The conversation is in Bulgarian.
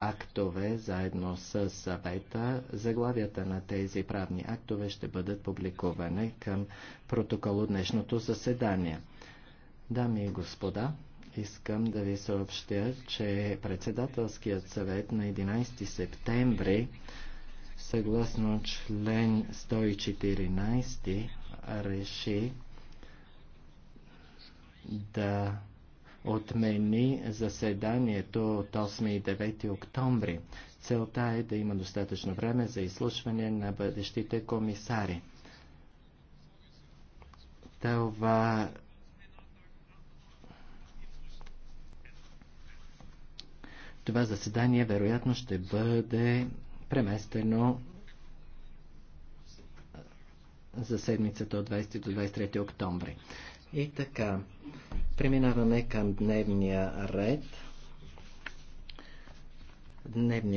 актове заедно с съвета. Заглавията на тези правни актове ще бъдат публикувани към протокол от днешното заседание. Дами и господа, искам да ви съобщя, че председателският съвет на 11 септември съгласно член 114 реши да отмени заседанието от 8 и 9 октомври. Целта е да има достатъчно време за изслушване на бъдещите комисари. Това това заседание вероятно ще бъде преместено за седмицата от 20 до 23 октомври. И така, Преминаваме към дневния ред. Дневният